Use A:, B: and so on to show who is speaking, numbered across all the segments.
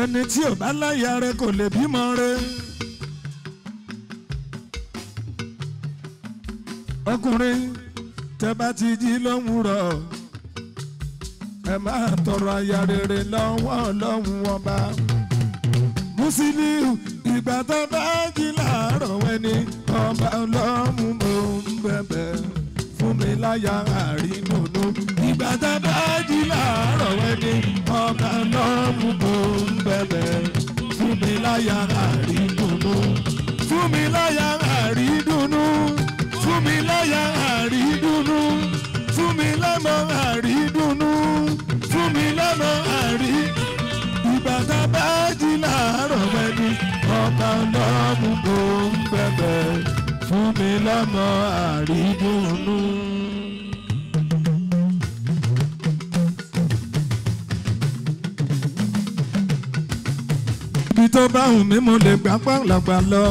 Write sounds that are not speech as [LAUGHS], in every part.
A: ẹni tí ò bá láyà rẹ kò lè bímọ rẹ. ọkùnrin tẹ́ bá ti jí lówùrọ̀ ẹ máa tọrọ aya rere lọ́wọ́ Ọlọ́run ọba. Musiliu ìgbà tó bá jí láàárọ̀ ẹni ọba Ọlọ́run mò ń bẹ̀bẹ̀ fún mi láyà àrínú ìgbà tá a bá jí láàárọ̀ wẹ́dẹ́ ọ̀gá náà mú bò ń bẹ̀bẹ̀ fún mi láyà àrí dùnú fún mi láyà àrí dùnú fún mi láyà àrí dùnú fún mi lọ́mọ àrí dùnú fún mi lọ́mọ àrí ìgbà tá a bá jí láàárọ̀ wẹ́dẹ́ ọ̀gá náà mú bò ń fún mi lọ́mọ àrí dùnú. tó bá wù mí mo lè gbà pàlàgbà lọ.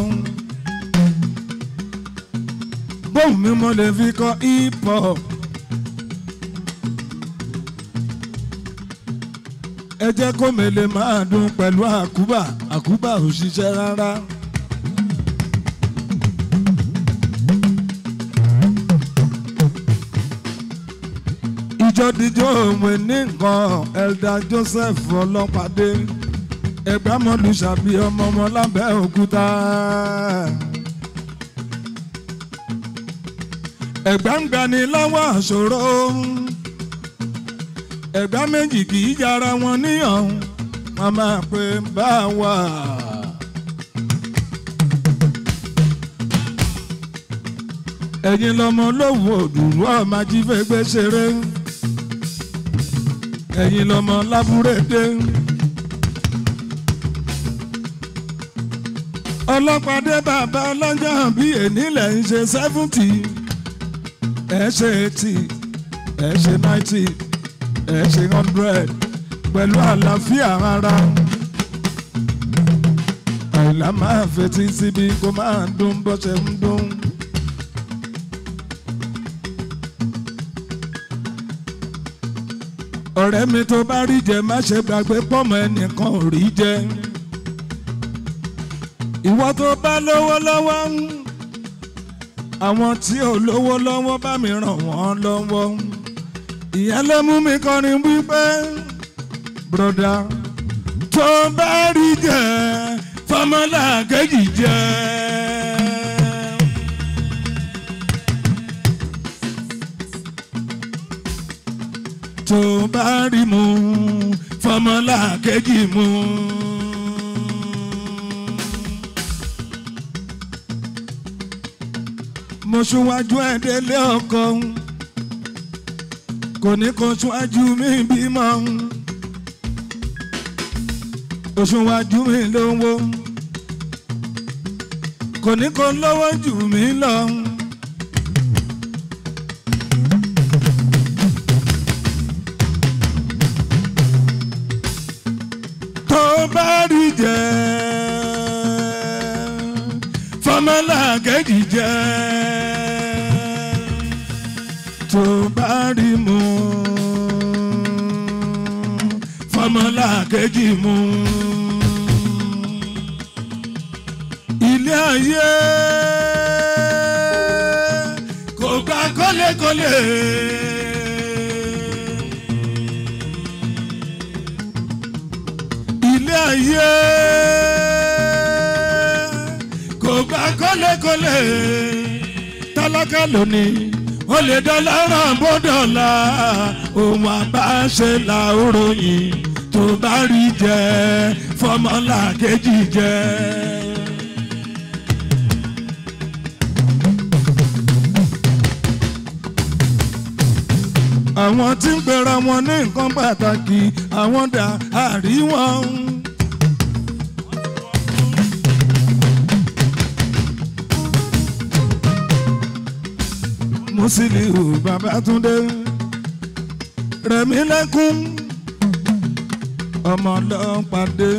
A: bóun mi mo lè fi kọ hip hop. ẹ jẹ́ kó mele máa dún pẹ̀lú àkúbà àkúbà ò ṣiṣẹ́ rárá. ìjọ díjọ́ òun ní nǹkan Elder Joseph Ọlọ́pàdé ẹgbàmọlùsàbí ọmọ ọmọ lábẹ́ òkúta. ẹ̀gbáǹgbani lọ́wọ́ àṣòro ẹ̀gbá méjì kì í yára wọn níyàn wọn máa pè bá wà. ẹ̀yin lọmọ lówó òdùnú ọmọ ajífẹ́gbẹ́ ṣeré ẹ̀yin lọmọ lábúrẹ́dẹ́. ọlọ́pàdé bàbá ọlọ́jọ́ hàn bí ènìlẹ̀ ń ṣe sẹ́fúntì ẹ ṣe eighty ẹ ṣe ninety ẹ ṣe hundred pẹ̀lú àlàáfíà ara àìlá máa fetí síbi kó máa dún bó ṣe ń dún. ọ̀rẹ́ mi tó bá rí jẹ má ṣe gbàgbé pọ́mọ ẹnìkan ò rí jẹ ìwọ tó bá lówó lọ́wọ́ àwọn tí ò lówó lọ́wọ́ bá mi ràn wọ́n lọ́wọ́ ìyẹn ló mú mi kọrin wípé broda tó bá rí jẹ fọmọlá kejì jẹ. tó bá rí mu fọmọlá kejì mu. mo ṣúwájú ẹ̀ délé ọkọ kò ní kó ṣúwájú mi bímọ òṣùwájú mi lówó kò ní kó lówó jù mí lọ. ọmọlá kejì jẹ́ tó bá rí mu fọmọlá kejì mu ilé ayé kò gbà kọ́lékọ́lé. ilé ayé. ò gba kọ́lékọ́lé tálákà lónìí ó lè dọ́là ràn bó dọ́là òun àbáṣe là tó bá rí jẹ fọmọlà kejì jẹ. àwọn tí ń pera wọn ní nǹkan pàtàkì àwọn dà àrí Musiliu Babátúndé Rẹ̀mílẹ́kún ọmọ ọlọ́pàdé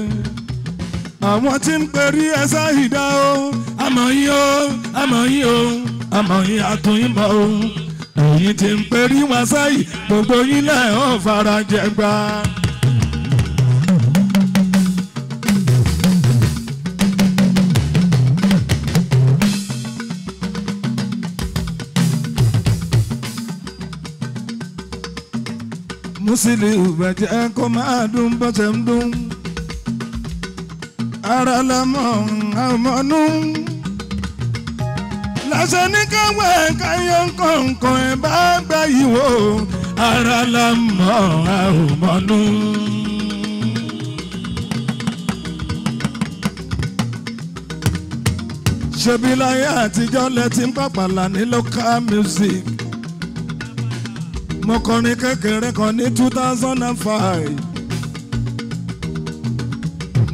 A: àwọn tí ń perí ẹsẹ̀ ìdá o àmọ́ yín o àmọ́ yín o àmọ́ yín àtúnyìnbọ̀ o èyí tí ń perí wọn sẹ́yìn gbogbo yín lẹ́ẹ̀ ó fara jẹ músìlì ìbàjẹ́ kó máa dún bọ́sẹ̀ ń dún. ara lọ́mọ àmọ́nú. lásán ní káwé káyọ̀ kọ̀ọ̀kan ẹ̀ bá gbà yìí wò ara lọ́mọ àmọ́nú. ṣebí láyé àtijọ́ lẹ music mo kọrin kékeré kan ní two thousand and five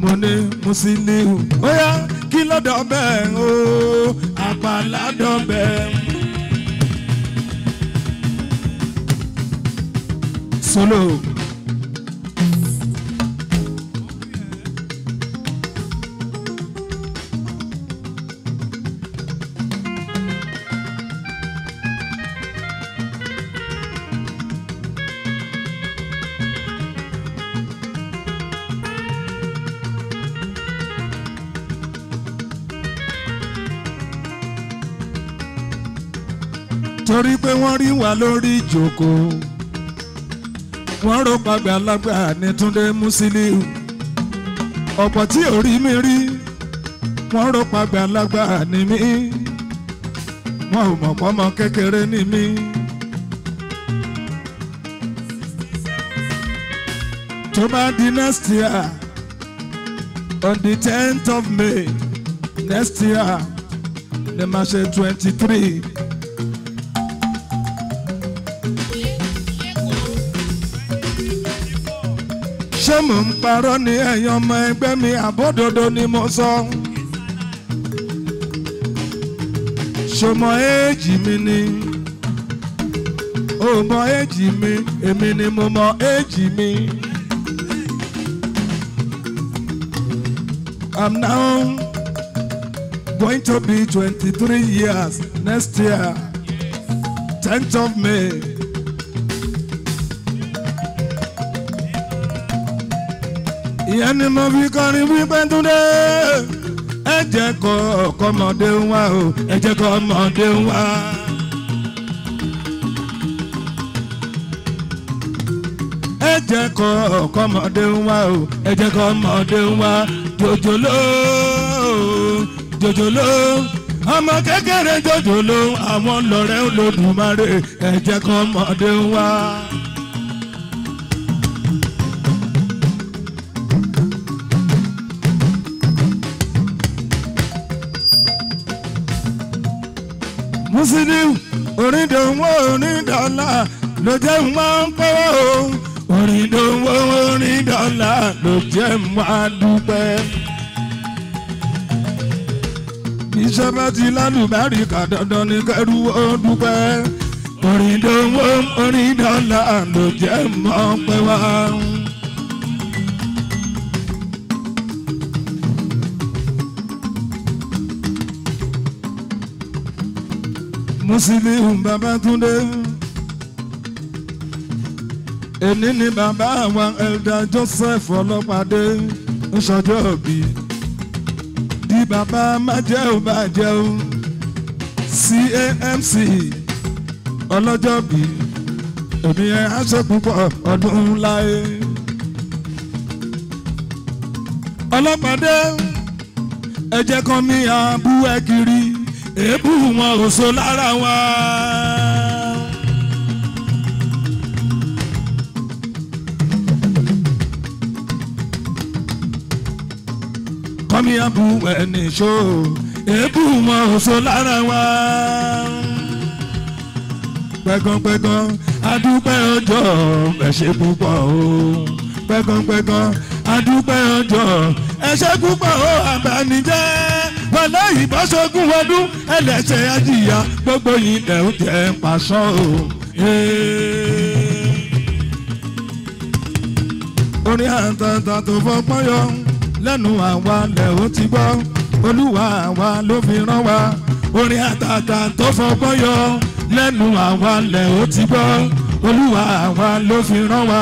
A: mo ní Musiliu ó yá kí ló dọ̀ bẹ́ẹ̀ o Àpàlà dọ̀ bẹ́ẹ̀. solo. pé wọ́n rí wa lórí ìjókòó wọ́n rò pàgbàlagbà ní Túndé Musiliu ọ̀pọ̀ tí ò mi rí wọ́n rò pàgbàlagbà ní mí wọn ò mọ̀ pọ́mọ kékeré ní mí. tó bá di next year on the tenth of May next year ni màá ṣe twenty three. ṣé mò ń parọ́ ni ẹ̀yin ọmọ ẹgbẹ́ mi àbódodo ni mo sọ. ṣọmọ èjì mi ni ó èjì mi èmi ni mo mọ èjì mi. I'm now going to be 23 years next year, 10th of May. ìyẹn ni mo fi kọrin wípé túndé ẹ jẹ́ kọ ọkọmọdé wa o ẹ jẹ́ kọ ọmọdé wa. ẹ jẹ́ kọ ọkọmọdé wa o ẹ jẹ́ kọ ọmọdé wa jòjòló jòjòló ọmọ kékeré jòjòló àwọn lọrẹ Olódùmarè ẹ jẹ́ kọ ọmọdé wa. Sídíù orídòwò onídọ́là ló jẹ́ mọ́ pẹ́wọ́ o orídòwò onídọ́là ló jẹ́ mọ́ dúpẹ́. iṣẹ́ bá ti lálùbárí kà dandan ní kẹ́rù ó dúpẹ́ orídòwò onídọ́là ló jẹ́ mọ́ pẹ́wọ́. Musili Musiliu Babátúndé eni ni bàbá àwọn ẹ̀dá Joseph Ọlọ́pàdé ń ṣọjọ́ òbí di bàbá májẹ́ù bàjẹ́ù CAMC ọlọ́jọ́ bí èmi ẹ̀ á ṣe púpọ̀ ọdún láyé Ọlọ́pàdé ẹ̀jẹ̀ kan mi àbú ẹ̀ kiri èébú wọn ò so lára wa. kọ́mí àbú ẹni ṣó èébú wọn ò so lára wa. pẹ́gánpẹ́gán adúpẹ́ ọjọ́ ẹ ṣé púpọ̀ o pẹ́gánpẹ́gán adúpẹ́ ọjọ́ ẹ ṣé púpọ̀ o àbánijẹ́ pẹ̀lẹ́ ìbáṣogún ọdún ẹlẹ́sẹ̀ ajíyá gbogbo yìí lẹ̀ ń jẹ́ pàṣọ o. orin àtàntàn tó fọpọ́n yọ lẹ́nu àwa lẹ̀ ó ti gbọ́ olúwa àwa ló fi rán wa orin àtàntàn tó fọpọ́n yọ lẹ́nu àwa lẹ̀ ó ti gbọ́ olúwa àwa ló fi rán wa.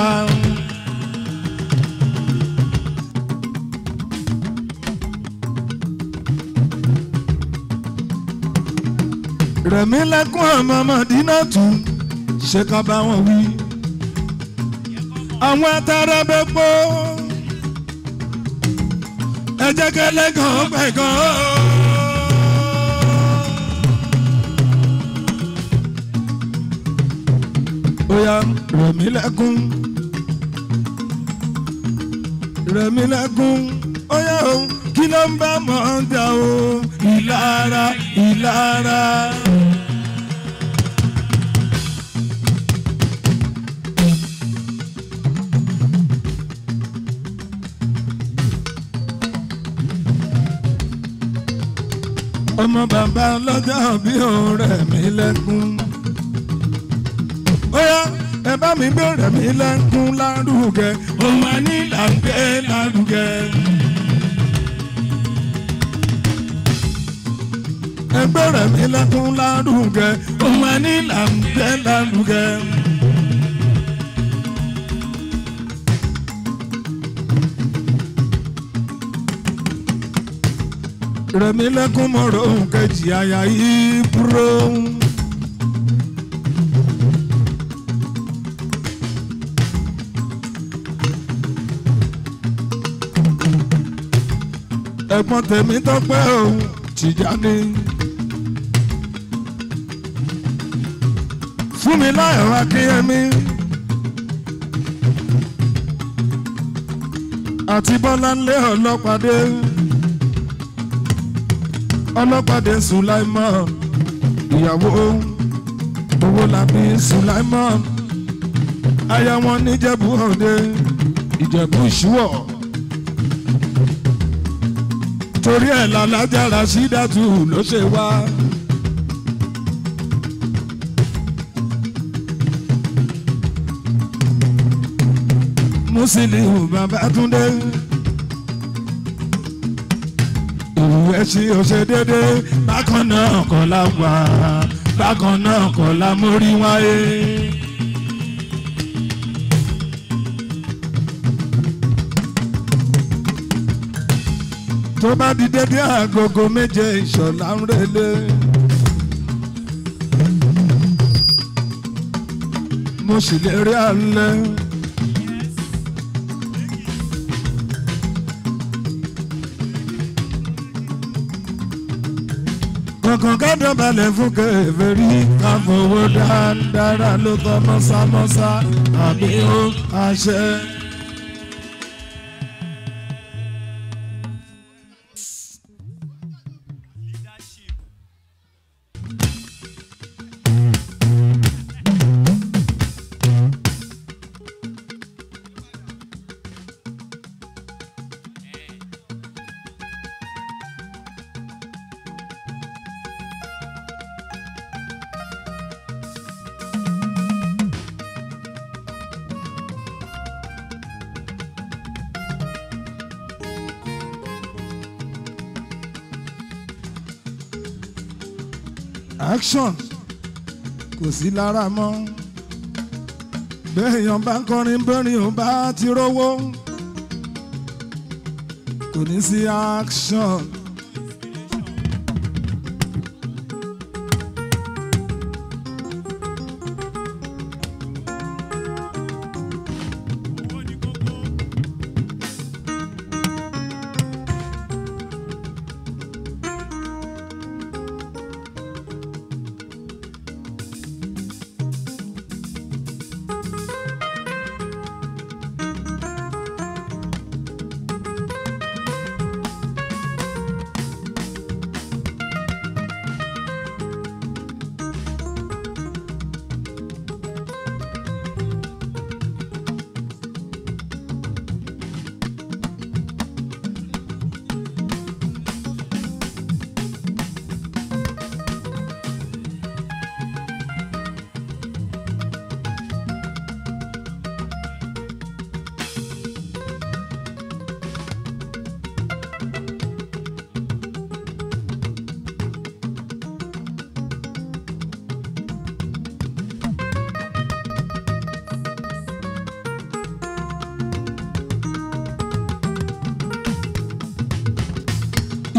A: rẹ̀mí lẹ́kún ọmọ mọ̀dínà tù ṣe ká bá wọn wí. àwọn atara bẹ pọ́ ẹ jẹ́ kẹ́lẹ́ gan pẹ̀ gan. bóyá rẹ̀mí lẹ́kún rẹ̀mí lẹ́kún ó yá o kí ló ń bá mọ̀ ọ́n jà o ìlara ìlara. ọmọ bàbá ọlọ́jọ́ bí òun rẹ̀ mí lẹ́kún. ó yá ẹ bá mi gbé rẹ̀ mí lẹ́kún lárugẹ ó máa ní làǹgbé lárugẹ. ẹgbẹ́ rẹ̀ mí lẹ́kún lárugẹ ó máa ní làǹgbé lárugẹ. Rẹ̀mílẹ́kún mọ̀rọ̀ òun kejì àyà yìí búrò. ẹ̀gbọ́n tèmi tọ́pẹ́ òun Tìjání. fún mi láyọ̀ akínyẹmí. àti bọ́lá ńlẹ́ ọlọ́pàá dé ọlọ́pàdé Sulaiman ìyàwó owó làbí Sulaiman aya wọn níjẹ̀bú òde ìjẹ̀bú ìṣúwọ̀ torí ẹ̀ làlájára sídàtú ló ṣe wá. Musiliu Babátúndé ìwé ṣe ọṣẹ dédé bákan náà kọ́ la wà bákan náà kọ́ la mórí wáyé. tó bá di dédé àgógó méje ìṣọ̀lá ń relé. mo sì lè rí alẹ́. kan ká dọ̀bálẹ̀ fún kèfèrí ká fowó dáadáa ló tọ́ mọ́sámọ́sá àbí ó àṣẹ. action kò sí lára mọ́ béèyàn bá ń kọrin bẹ́rin ò bá ti rówó kò ní sí action.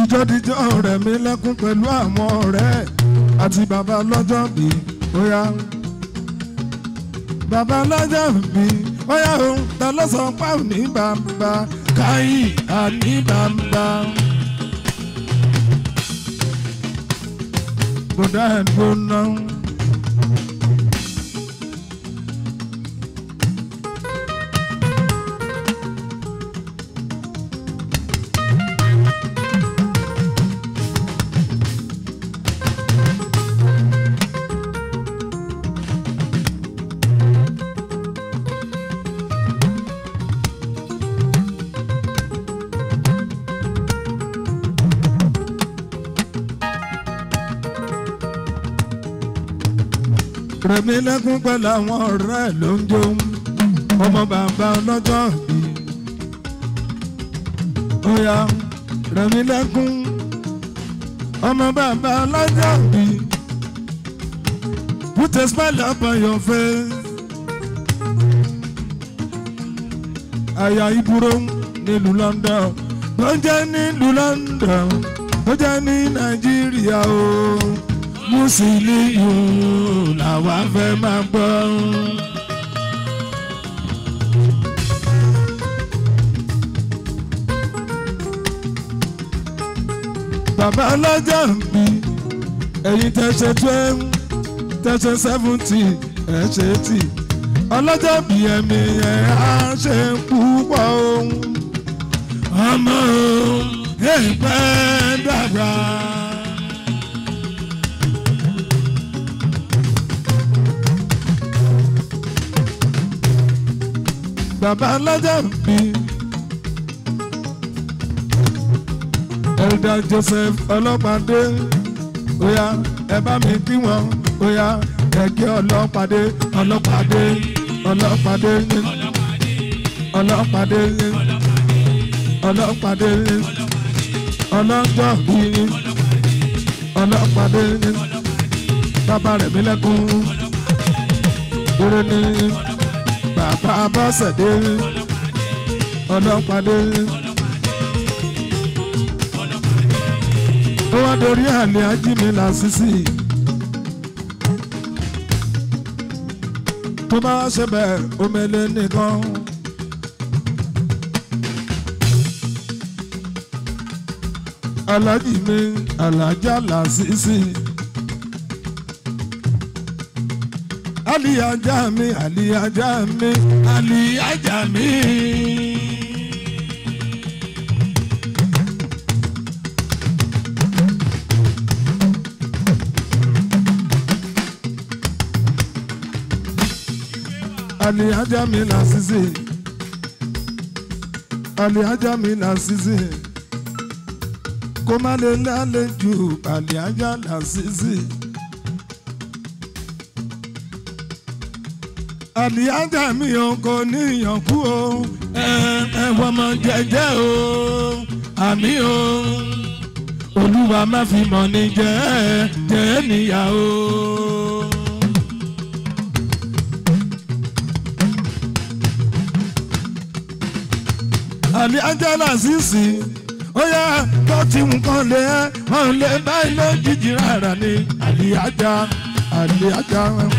A: àtijọ́ dijọ́ rẹ̀ mi lẹ́kún pẹ̀lú àwọn ọ̀rẹ́ àti bàbá lọ́jọ́ bí bóyá. bàbá lọ́jọ́ bí bóyá òun ta ló sọ pa ní bàbá káyì àní bàbá. bùdá ẹ̀ gbóná. mi lẹ́kún pẹ̀lú àwọn ọ̀rẹ́ ló ń jó ọmọ bàbá ọlọ́jọ́ bí ó yá rẹ̀ mí lẹ́kún ọmọ bàbá ọlọ́jọ́ bí put a smile upon your face àyà ìbúrò nílùú London tó jẹ́ nílùú London tó jẹ́ ní Nàìjíríà o. Oh. Musiliu làwa fẹ́ máa gbọ́. bàbá ọlọ́jà ń bí ẹ̀yin tẹ̀sẹ̀ twelve tẹ̀sẹ̀ seventeen ẹ̀ ṣe tì ọlọ́jà bí ẹ̀mí ẹ̀ á ṣe púpọ̀ ọmọ ẹ̀ pẹ́ dàgbà. bàbá alájà mi. Ẹ̀dà Joseph ọlọ́pàdé oya ẹ bá mi kí wọn oya ẹ̀kẹ́ ọlọ́pàdé ọlọ́pàdé ọlọ́pàdé ọlọ́pàdé ọlọ́pàdé ọlọ́jọ́ bíi ọlọ́pàdé bàbá rẹ̀ mi lẹ́kùn. Ọlọ́pàdé bàbá bọ́sẹ̀dé ọlọ́pàdé ó wá dorí àlè ajími làásìsì tó bá ṣe bẹ́ẹ̀ omele nìkan. alájì mi alájà làásìsì. Ali Ajami, Ali Ajami, Ali Ajami. Ali Ajami na sisi Ali Ajami na sisi kó má lè lálejò aliyaja na sisi. àbíyájà mi ò kò ní ìyànkú o ẹ wọmọ jẹjẹ o àmì o olúwa má fi mọ̀ ní jẹ́ jẹ́ níyà o. àbí angela sisi ó yá tó nǹkan lé wọn lè báyìí lójijì rárá ni àbí ajá àbí ajá wọn.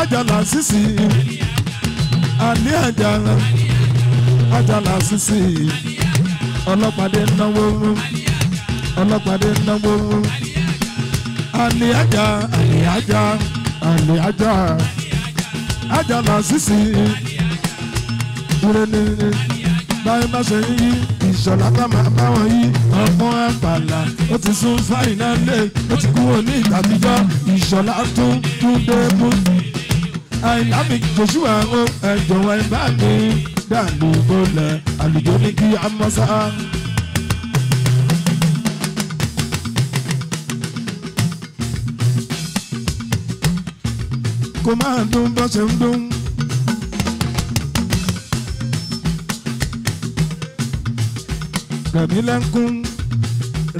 A: Ajala Sisi ani ajala, ajala Sisi ọlọ́pàdé náwó ọlọ́pàdé náwó àní Àjà àní Àjà àní Àjà Àjàlá Sisi ire ni báyìí bá ṣe ń yí ìṣọ̀lá ká máa bá wọn yí ọ̀pọ̀n àgbàlá ó ti sún fáìnà lé ó ti kúrò ní ìtàbíjọ́ ìṣọ̀lá tún tún dé bùn àyìnlá mi joshua ó ẹ jọ̀wọ́ ẹ bá mi dàlú bọ́lẹ̀ àlùjọ ní kí a mọ́ sá. kò máa dún bó ṣe ń dún. rẹ̀mí lẹ́kún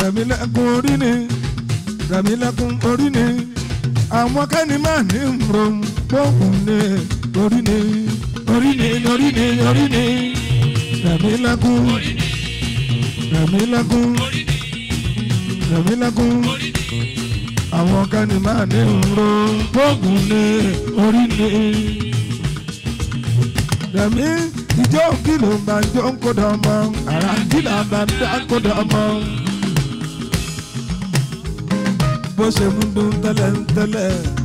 A: rẹ̀mí lẹ́kún orí ni rẹ̀mí orí ni àwọn kẹ́ni máa ní ìmúròmù lókun ní orí ní orí ní orí ní orí ní rẹ̀mílágún rẹ̀mílágún rẹ̀mílágún àwọn kánì máa ní ìró lókun ní orí ní rẹ̀mí ìjọ kìlọ̀ bá jọ ń kó dọ̀ mọ́ àràǹdílà bá ń kó dọ̀ mọ́ bó ṣe mú dún tẹ́lẹ̀ ń tẹ́lẹ̀.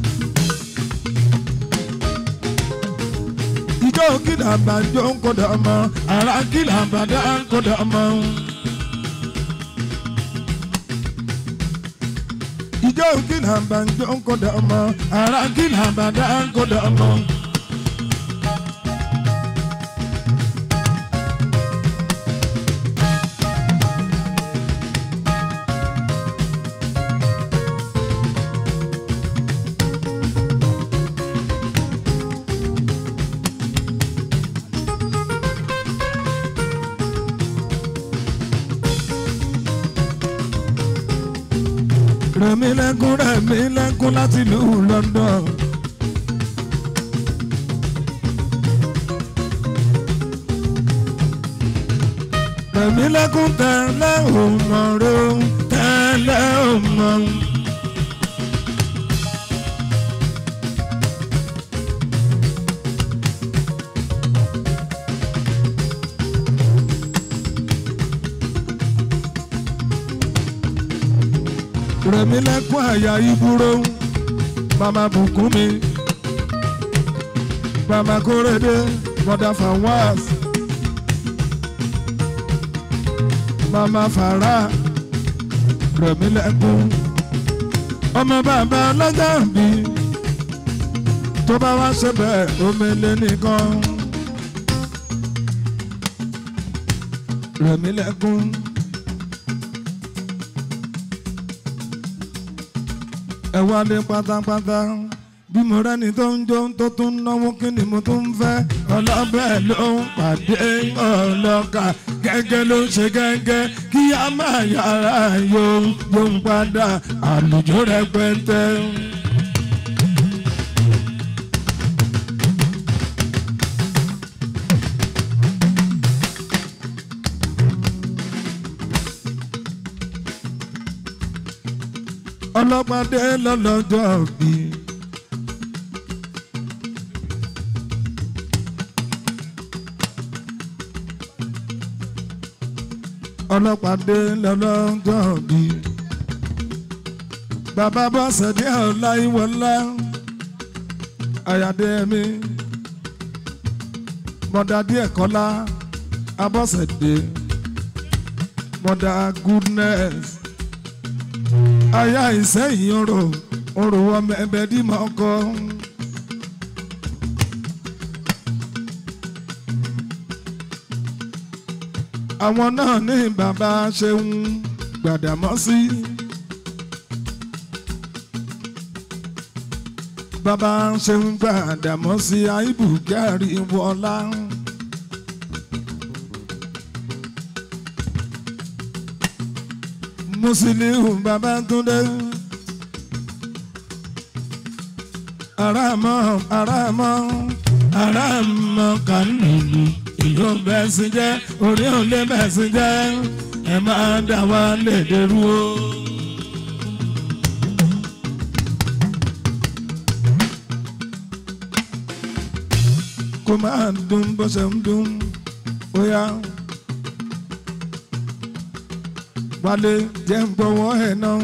A: jo kila ba jo ko da ma ara kila ba da ko da ma ijo kila ba jo ko da ma ara kila ba da ko da mi lẹ́kún láti ìlú London. Rẹ̀mí lẹ́kún tẹ́lẹ̀ ò mọ̀ ro tẹ́lẹ̀ ò èmi lẹ́kún àyà ìbúrò màmá bùkún mi màmá kórèdè bọ́dà fàwọ́s màmá fàrà rẹ̀mí lẹ́kún ọmọ bàbá ọlọ́jà bí tó bá wá ṣe omi lé nìkan rẹ̀mí lẹ́kún. ẹ wálé pátápátá bí mo rẹ́ni tó ń jó tó tún náwó kí ni mo tún fẹ́ ọlọ́bẹ̀ ló ń pàdé ọlọ́kà gẹ́gẹ́ ló ń ṣe gẹ́gẹ́ kí a máa yára yóò ń padà àlùjọ rẹpẹtẹ. ọlọ́pàdé lọ́lọ́jọ́ mi. ọlọ́pàdé lọ́lọ́jọ́ mi. bàbá bọ́sẹ̀ ní ọláyíwọlá àyàdé mi mọ̀dà díẹ̀ kọ́lá abọ́sẹ̀dé mọ̀dà goodness aya ìsẹ́yìn orò orò ọmọ ẹbẹ dì mọ́ ọkọ. àwọn náà ní bàbá ṣeun Gbàdámọ́sí. bàbá ṣeun Gbàdámọ́sí àìbù gàrí wọlá. Musiliu Babátúndé aráàmọ́ aráàmọ́ aráàmọ́ kànínú ìlú bẹ́ẹ̀ sí jẹ́ orí òǹdé bẹ́ẹ̀ sí jẹ́ ẹ máa wa lédè rú o. kó máa dùn bó ṣe Wálé jẹ́ ń gbọ́wọ́ ẹ̀ náà.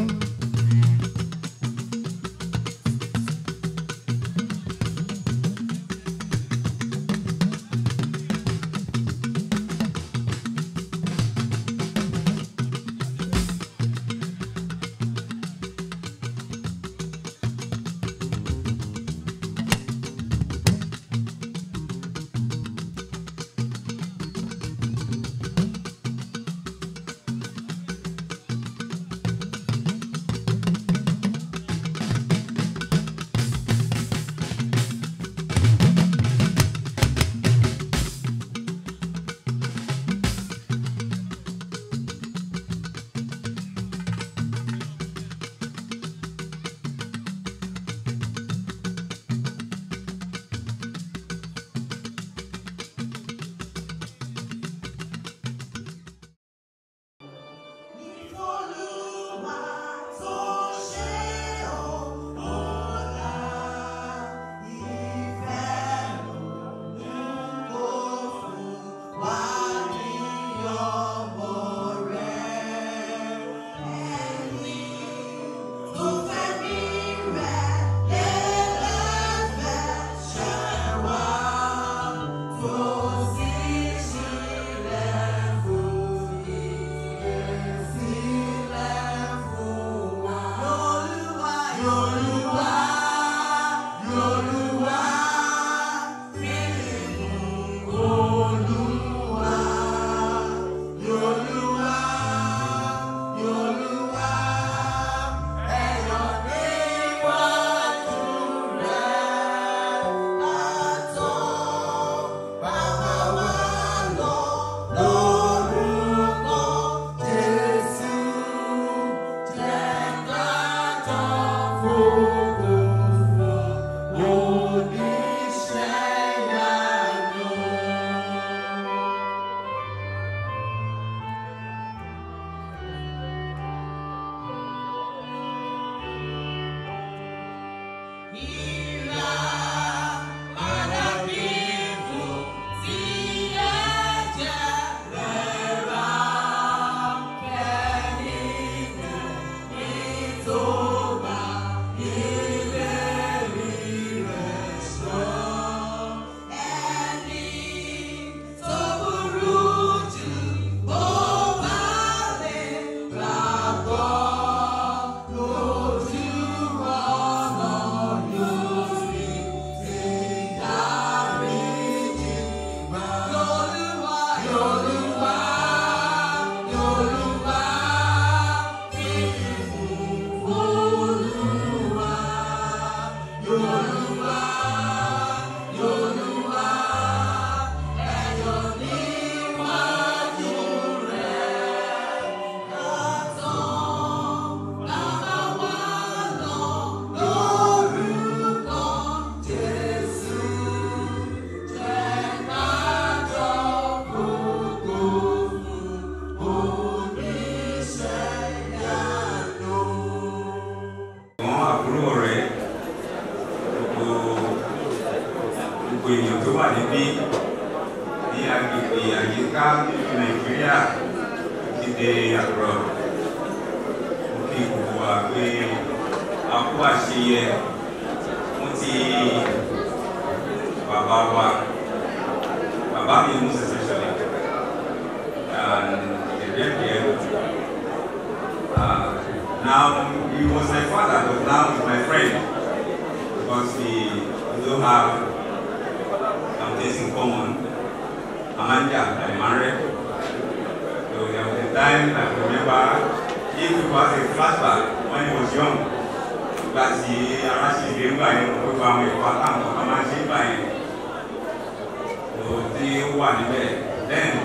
B: then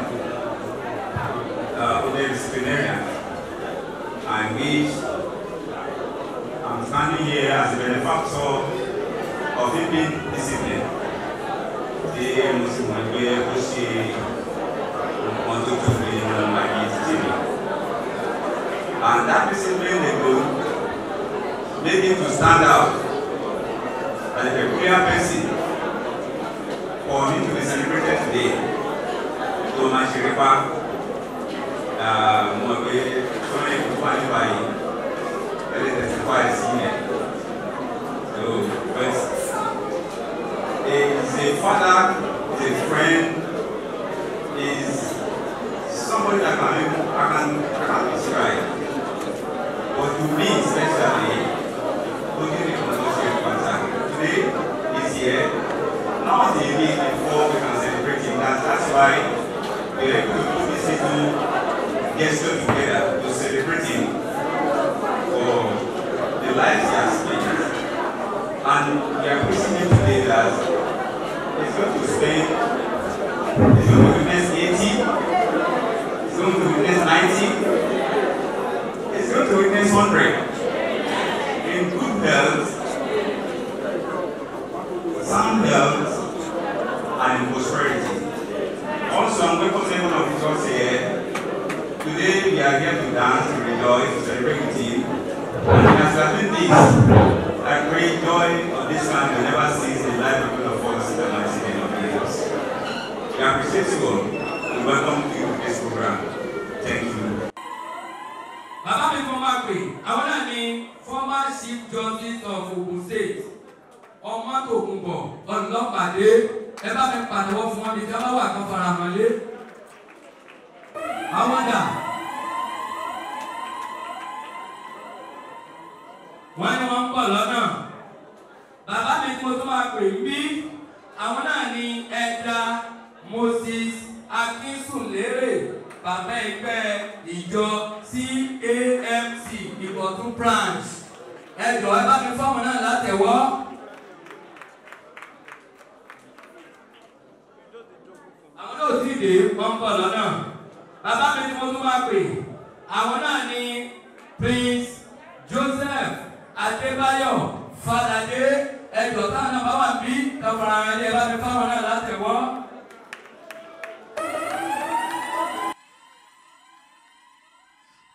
B: uh, Odell Spinella. And he, I'm standing here as a benefactor of keeping discipline. Tí mo sì mọ̀ pé ó ṣe nǹkan tó tóbi nínú ayé títí And that discipline they do, made him to stand out as a clear person for me to be celebrated today. tó ṣe rí pa pé tó lè kú wá nípa yìí ẹ lè tẹ̀sí pa ẹ̀ sí yẹn. Is a father, is a friend, is somebody that can make I can I can describe. But to me especially, looking at the pattern, today is here. Now the day before we can celebrate him. That's that's why. where the city gets together to celebrate him for the lives he has taken. And we are wishing him today that he's going to spend, he's going to witness 80, he's going to witness 90, he's going to witness 100 in good health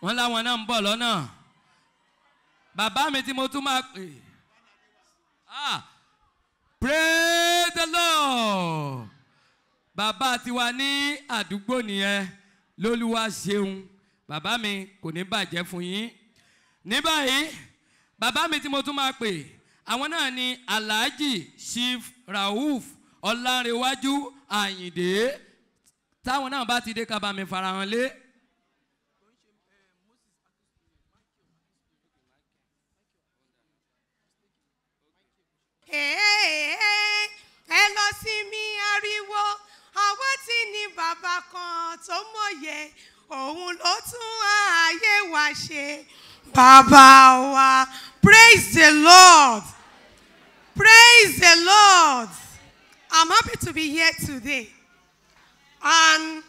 C: wọ́n láwọn náà ń bọ̀ lọ́nà bàbá mi tí mo tún máa pè ah praise the lord bàbá tiwa ní àdúgbò nìyẹn lólúwa ṣeun bàbá mi kò ní bàjẹ́ fún yín ní báyìí bàbá mi tí mo tún máa pè àwọn náà ni alhaji chief rauf ọlárẹwájú àyìndé táwọn náà bá ti dé ká bá mi farahàn lé.
D: ẹ lọ mi ariwo àwa tí ní bàbá kan tó mọ̀yẹ òun ló tún ààyè wa ṣe bàbá wa praise the Lord praise the Lord I'm happy to be here today and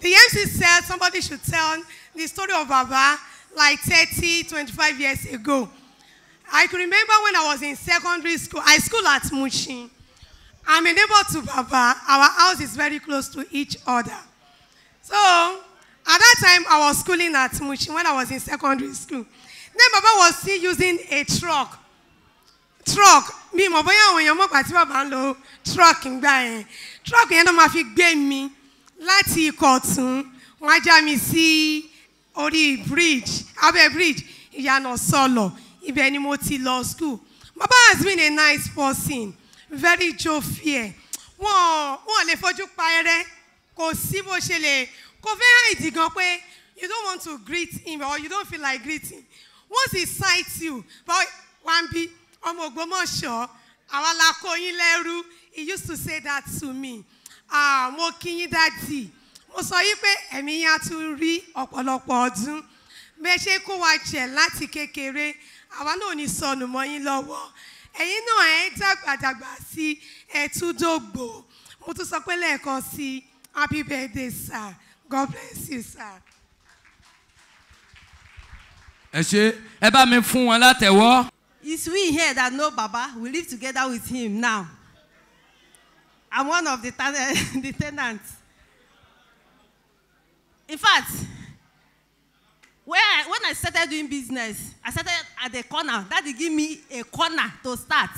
D: the MC said somebody should tell the story of Baba like 30, 25 years ago. I can remember when I was in secondary school, high school at Mushin. I'm a neighbor to Baba. Our house is very close to each other. So, at that time, I was schooling at Mushin when I was in secondary school. Then Baba was still using a truck. Truck. me mọ̀ bóyá when èèyàn mọ̀ pà tí bàbá lo truck ń gbà yẹn. Truck yẹn ló máa fi gbé mi láti ikọ̀ ọ̀tún. Wọ́n á já bridge, sí orí bridge, abẹ́ bridge, solo ibẹ̀ ni mo ti lọ school baba has been a nice person very jovial wọn wọn lè fojú pa ẹrẹ kò sí bó ṣe lè kò fẹ́ you don't want to greet him or you don't feel like greeting once he sights you but wambi ọmọ Ògbómọ̀ṣọ́ àwa la kó yín he used to say that to me Ah, mo kí yín mo sọ yí pé ẹ̀mí yín á tún rí ọ̀pọ̀lọpọ̀ ọdún bẹ́ẹ̀ ṣe kó wa jẹ̀ láti àwa náà ní sọnù mọ́ yín lọ́wọ́ ẹ̀yin náà ẹ̀ dàgbàdàgbà sí ẹ̀túndógbò mo tún sọ pé lẹ́ẹ̀kan sí happy birthday sir god bless you
E: sir.
C: ẹ ṣe ẹ bá mi fún wọn látẹ̀wọ́.
E: it's we here that know baba we live together with him now i'm one of the, ten [LAUGHS] the tenants in fact when I, when I started doing business, I started at the corner. Daddy gave me a corner to start.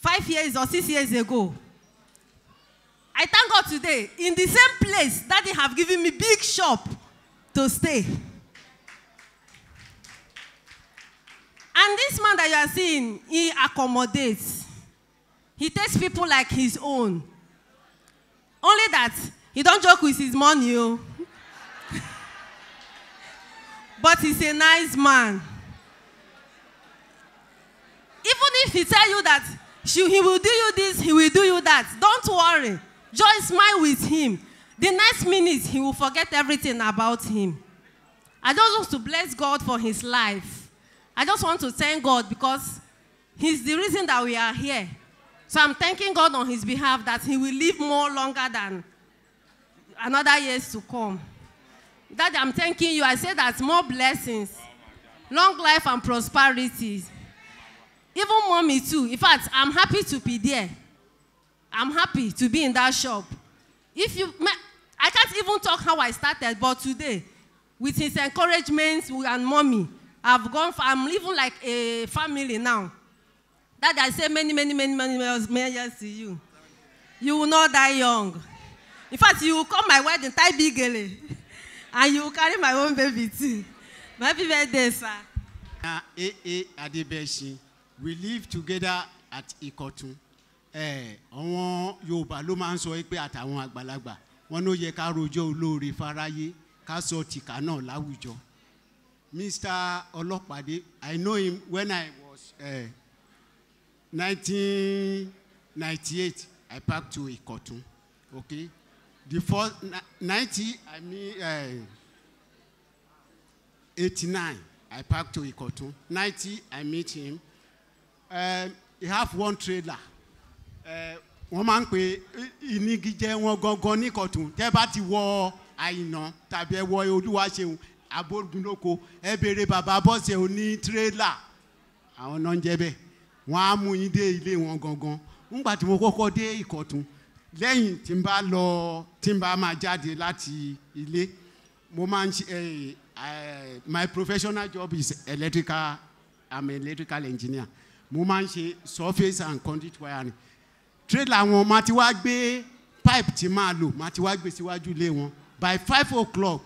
E: Five years or six years ago. I thank God today, in the same place, Daddy have given me big shop to stay. And this man that you are seeing, he accommodates. He takes people like his own. Only that, he don't joke with his money. Oh. But he's a nice man. Even if he tell you that she, he will do you this, he will do you that, don't worry. Just smile with him. The next minute, he will forget everything about him. I just want to bless God for his life. I just want to thank God because he's the reason that we are here. So I'm thanking God on his behalf that he will live more longer than another years to come. That I'm thanking you. I say that more blessings, long life and prosperity. Even mommy too. In fact, I'm happy to be there. I'm happy to be in that shop. If you, I can't even talk how I started, but today, with his encouragement and mommy, I've gone. For, I'm living like a family now. That I say many, many, many, many, many years to you. You will not die young. In fact, you will come my wedding, tie big [LAUGHS] and you carry my own baby too. My happy birthday, sir.
F: Na A.A. Adebeshi, we live together at Ikotun. Eh, àwọn Yorùbá ló máa ń sọ pé àtàwọn àgbàlagbà wọn ló yẹ ká rojọ́ olóore fáráyé ká sọ tìka náà láwùjọ. Mr. Ọlọ́pàdé, I know him when I was uh, eh, 1998, I packed to Ikotun. Okay? the first 90 i mean uh, eh, 89 i packed to ikotun 90 i meet him um, he have one trailer eh, wọ́n máa ń pè ìnigijẹ wọn gangan ní ikotun tẹ́ bá ti wọ àyìnà tàbí ẹ wọ olúwaṣeun abógunlóko ẹ béèrè bàbá bọ́sẹ̀ oní tírélà àwọn náà ń jẹ́ bẹ́ẹ̀ wọ́n á mú yín dé ilé wọn gangan nígbà tí mo kọ́kọ́ dé ìkọ̀tún lẹ́yìn tí n bá lọ tí n bá máa jáde láti ilé mo máa ń ṣe my professional job is electrical i'm electrical engineer mo máa ń ṣe surface and conduit wiring trade làwọn máa ti wá gbé pipe tí máa lò máa ti wá gbé síwájú ilé wọn by five o'clock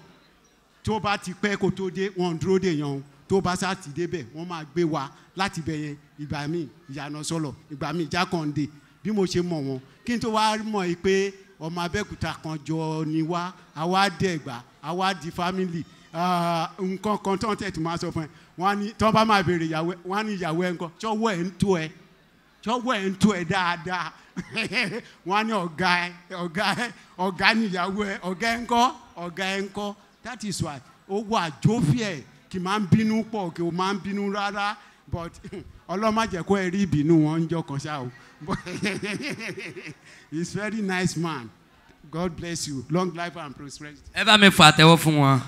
F: tó bá ti pẹ́ kó tó dé wọn dúró dè yan o tó bá sá ti débẹ̀ wọ́n máa gbé wa láti bẹ̀yẹn ìgbà míì ìyànà sọ̀lọ̀ ìgbà míì jákàndé bí mo ṣe mọ̀ wọn kí n tó wá mọ̀ yìí pé ọmọ abẹ́òkúta kan jọ ni wá àwa dẹ̀gbà àwa di fámìlì nǹkan kan tó ń tẹ̀tù máa sọ fún ẹ wọ́n ní tó bá máa béèrè ìyàwó wọ́n á ní ìyàwó ẹ ńkọ́ tọ́wọ́ ẹ̀ ń tó ẹ tọ́wọ́ ẹ̀ ń tó ẹ dáadáa [LAUGHS] wọ́n á ní ẹ ọ̀gá ẹ ọ̀gá ní ìyàwó ẹ ọ̀gá ẹ ńkọ́ ọ̀gá ẹ ńkọ́ that is why ó wà jófìẹ́ kì máa ń bínú pọ̀ kì ó máa ń bínú rárá but [LAUGHS] ọlọ́mọ àjẹkọ́ ẹ rí ìbínú wọn ń jọ kan ṣáà o. [LAUGHS] he's very nice man. God bless you. Long life and prosperity.
G: Ẹ bá mi fà àtẹ́wọ́ fún wọn.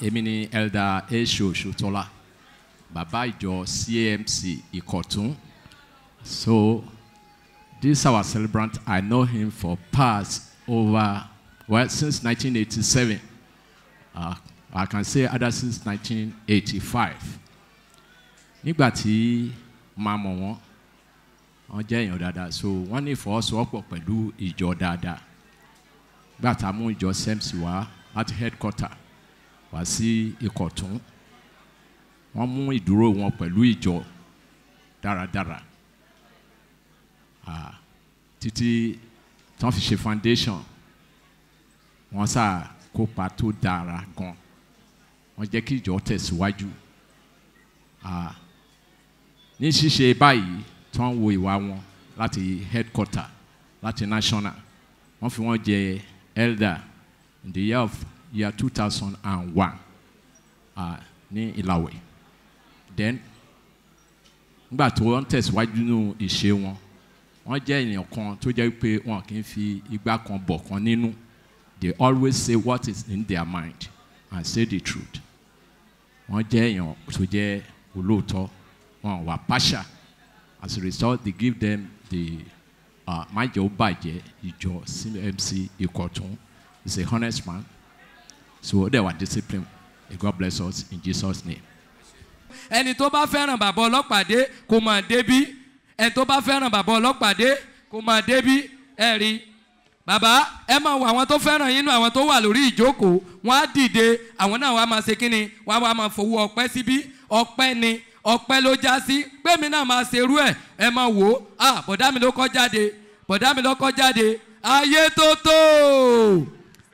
G: Èmi ni Elder Esho Ṣotola, bàbá ìjọ CAMC Ìkọ̀tún. So this our celebrant, I know him for past over, well, since 1987. Uh, I can say other since 1985. Nígbà tí màá mọ̀ wọ́n jẹ́ èèyàn dáadáa so wọ́n ní ìfọwọ́sowọ́pọ̀ pẹ̀lú ìjọ dáadáa gbàtà mú ìjọ SEMS wá láti headquarter wá sí Ìkọ̀tún wọ́n mú ìdúró wọn pẹ̀lú ìjọ dáradára títí tán fi ṣe foundation wọ́n sáà kópa tó dára gan wọ́n jẹ́ kí ìjọ tẹ̀síwájú ní ṣíṣe báyìí tí wọ́n wo ìwà wọn láti headquarter láti national wọ́n fi wọ́n jẹ elder in the year of year two thousand and one ní Ìlàwẹ̀ then nígbà tó wọ́n tẹ̀síwájú nínú ìṣe wọn wọ́n jẹ́ ènìyàn kan tó jẹ́ pé wọn kì í fi igbá kan bọ̀ kan nínú they always say what is in their mind and say the truth wọ́n jẹ́ èèyàn tó jẹ́ olóòótọ́ wọn wà pàṣà as a result they give them the uh, Majo Baje Ijo MC Ikotun is a honest man so they were disciplined God bless us in Jesus name.
C: ẹni tó bá fẹ́ràn bàbá ọlọ́pàdé kò máa débí ẹni tó bá fẹ́ràn bàbá ọlọ́pàdé kò máa débí ẹ rí bàbá ẹ máa wo àwọn tó fẹ́ràn yín nú àwọn tó wà lórí ìjókòó wọn á dìde àwọn náà wọn á máa ṣe kínni wọn á máa fowó ọpẹ́ síbí ọpẹ́ ni ọpẹ́ ló já sí pé mi náà máa ṣerú ẹ̀ ẹ máa wò ó à ah, bọ̀dá mi ló kọ́ jáde bọ̀dá mi ló kọ́ jáde ayé tó tó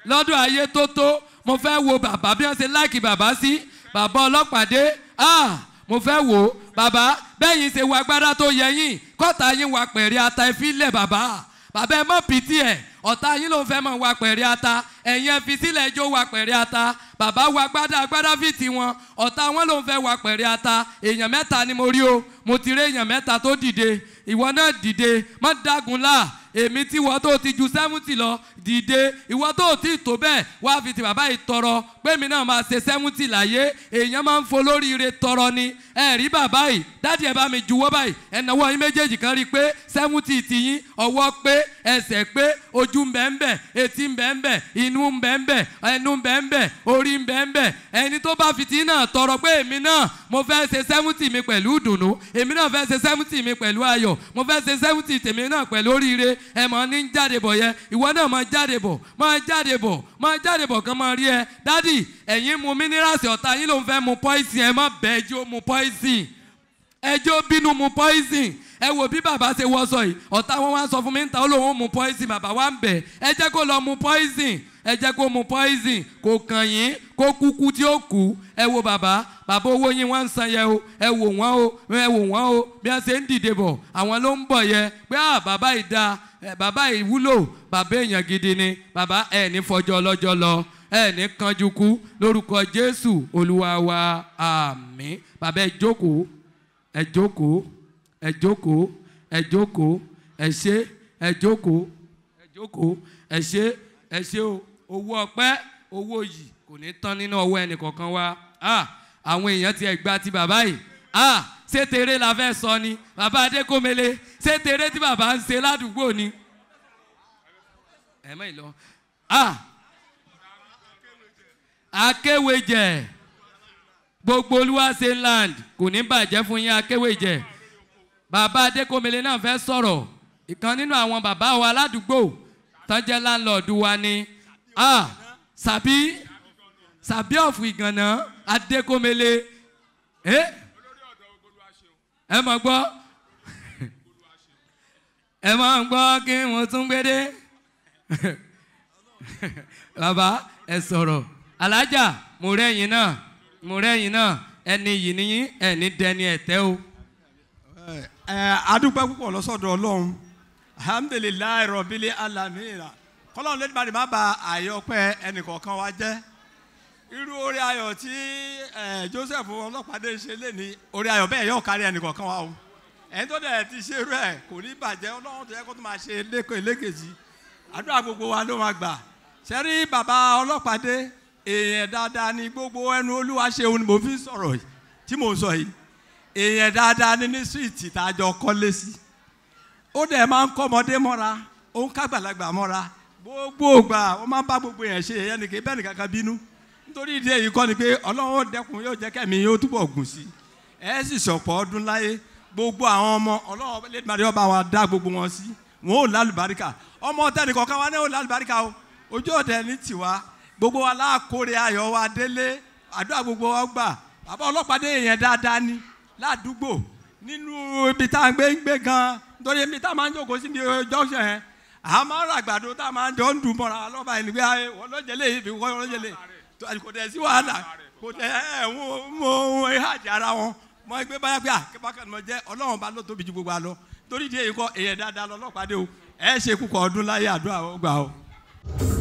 C: lọ́dún ayé tó tó mo fẹ́ wo bàbá bí wọ́n ṣe láìkì bàbá sí bàbá ọlọ́pàdé à ah, mo fẹ́ wò ó bàbá bẹ́yìn ṣe wọ agbára tó yẹ yín kọ́ta yín wà pẹ̀rẹ́ ata ìfilẹ̀ bàbá bàbá ẹ mọ̀ pìtì ẹ̀ ọ̀tá yín ló ń fẹ́ mọ̀ wá pẹ̀rẹ́ ata ẹ̀yin ẹ fi sílẹ̀ jó wá pẹ̀rẹ́ ata bàbá wa gbádá gbádá fìtì wọn ọ̀tá wọn ló ń fẹ́ wá ata èèyàn mẹ́ta ni mo rí o mo ti rí èèyàn mẹ́ta tó dìde ìwọ náà dìde mọ́ dágunlá èmi tí ìwọ tó ti ju sẹ́mùtì lọ dìde ìwọ tó ti tó bẹ́ẹ̀ wá fi ti bàbá yìí tọrọ pé mi náà máa ṣe sẹ́mùtì láyé èèyàn máa ń folóríire tọrọ ni ẹ rí bàbá yìí dádì ẹ bá mi juwọ́ báyìí ẹ̀nàwọ́ yín méjèèjì kan rí i pé sẹ́mùtì ti yín ọwọ́ pé ẹsẹ̀ pé ojú ń bẹ ń bẹ etí ń bẹ ń bẹ inú ń bẹ ń bẹ ẹnu ń bẹ ń bẹ orí ń bẹ ń bẹ ẹni tó bá fi ti náà tọrọ pé èmi náà mo fẹ́ ṣe sẹ́mùtì mi pẹ̀lú ìdùnnú èmi náà fẹ́ ṣe sẹ́mùtì mi pẹ̀lú ayọ̀ mo fẹ́ ṣe sẹ́mùtì tèmi náà pẹ̀lú oríire ẹ mọ̀ ní jáde bọ̀ yẹ ìwọ náà máa jáde bọ̀ máa jáde bọ̀ máa jáde bọ̀ kan máa rí ẹ dádì ẹ̀yin mu mínírààsì ọ̀tá yín ló ń fẹ́ mu poison ẹ má bẹ̀ ẹjọ́ mu poison ẹjọ́ bínú mu poison ẹ wò bí bàbá ṣe wọṣọ yìí ọ̀tá wọn wá sọ fún mi ń ta ó lóun mu poison bàbá wa ń bẹ̀ ẹ jẹ́ kó lọ mu poison ẹ jẹ́ kó mu poison kò kàn yín kó kúkú tí ó kú ẹ wo bàbá bàbá owó yín wá ń san yẹ o ẹ wò wọ́n o ẹ wò wọ́n o bí wọ́n ṣe ń dìde bọ̀ àwọn ló ń bọ̀ yẹ pé à ah, bàbá ìdá bàbá ìwúlò bàbá èèyàn gidi ni bàbá ẹ ní fọjọ́ ọlọ́jọ́ lọ ẹ ní kanjú kú lórúkọ Jésù Olúwa wa àmín bàbá ẹ jókòó ẹ jókòó ẹ jókòó ẹ jókòó ẹ ṣé ẹ jókòó ẹ jókòó ẹ ṣé ẹ ṣé owó ọpẹ́ owó yìí kò ní tán nínú ọwọ́ ẹnì kọ̀ọ̀kan wa àwọn èèyàn ti ẹ gba ti bàbá yìí ṣé tèrè la fẹ́ sọ ni bàbá adékòmélé ṣé tèrè tí bàbá ń ṣe ládùúgbò ni. ẹ̀mọ́ ìlọ a akéwèjẹ gbogbo olúwaṣe land kò ní bàjẹ́ fún yín akéwèjẹ bàbá adékòmélé náà fẹ́ sọ̀rọ̀ ìkan nínú àwọn bàbá wa ládùúgbò tán jẹ́ láńlọ́ọ̀dù wa ni a sàbí sàbí ọ̀fù ìgànnà adékòmélé. Eh? ẹ máa gbọ́ ẹ máa gbọ́ kí wọ́n tún gbé dé bàbá ẹ sọ̀rọ̀ alájà mo rẹ́yìn náà mo rẹ́yìn náà ẹni yìí ni ẹni dẹni ẹ̀tẹ́ o. ẹ adúgbò púpọ̀ lọ́sọ̀dọ̀ ọlọ́run
H: alhamdulilayi rọ̀bìlì alamira kọ́lọ́run lẹ́nu bá rí má ba àyọ̀pẹ́ ẹnìkọ̀ọ̀kan wa jẹ́. irú orí ayọ̀ tí Joseph Ọlọ́pàdé ṣe lé ní orí ayọ̀ bẹ́ẹ̀ yóò kárí ẹnìkọ̀ọ̀kan wa o ẹni tó dẹ̀ ti ṣe irú ẹ̀ kò ní bàjẹ́ Ọlọ́run tó yẹ kó tó máa ṣe lẹ́kọ̀ọ́ lẹ́kẹ̀jì àdúrà gbogbo wa ló máa gbà sẹ́rí bàbá Ọlọ́pàdé èèyàn dáadáa ni gbogbo ẹnu Olúwa ṣe òun ni mo fi ń sọ̀rọ̀ yìí tí mò ń sọ yìí èèyàn dáadáa ni ní síìtì tá a jọ kọ́lé sí ó dẹ̀ máa ń kọ́ ọmọdé mọ́ra ó ń kágbàlagbà mọ́ra gbogbo ògbà wọ́n máa ń bá gbogbo yẹn ṣe ẹ̀yẹ́ bẹ́ẹ̀ nìkan kan bínú nítorí ìdí èyí kọ́ ni pé ọlọ́run ó dẹkùn yóò jẹ́ kẹ́mi yóò túbọ̀ gùn sí ẹ sì ṣọ̀pọ̀ ọdún láyé gbogbo àwọn ọmọ ọlọ́run lẹ́dìmọ̀dé ọba wa dá gbogbo wọn sí wọn ò lálùbáríkà ọmọ tẹ́ni kọ̀ọ̀kan wa náà ò lálùbáríkà o ojú ọ̀tẹ̀ ní tiwa gbogbo wa láàkórè ayọ̀ wa délé àdúrà gbogbo wa gbà bàbá ọlọ́pàá dé èèyàn dáadáa ni ládùúgbò nínú ibi tá à ń gbé ń gbé gan nítorí ibi tá a máa ń jókòó sí ní junction yẹn àmọ́ àgbàdo tá a máa ń jọ ń dùn mọ́ra lọ́ba ẹ̀ nígbà ọlọ́jẹ̀lẹ̀ yìí fi wọ́n ọlọ́jẹ̀lẹ̀ yìí kò tẹ̀ sí wàhálà kò tẹ̀ ẹ̀ mo ìhàjì ara wọn mọ ẹgbẹ́ báyà pé àkẹ́bàkẹ́ ah, ni mo jẹ́ ọlọ́run bá ló tóbi ju gbogbo àlọ́ torí ìdí èyí kọ́ èèyàn dáadáa lọ́lọ́pàá dé o ẹ ṣe kúkọ ọdún láyé àdúrà ọgbà o.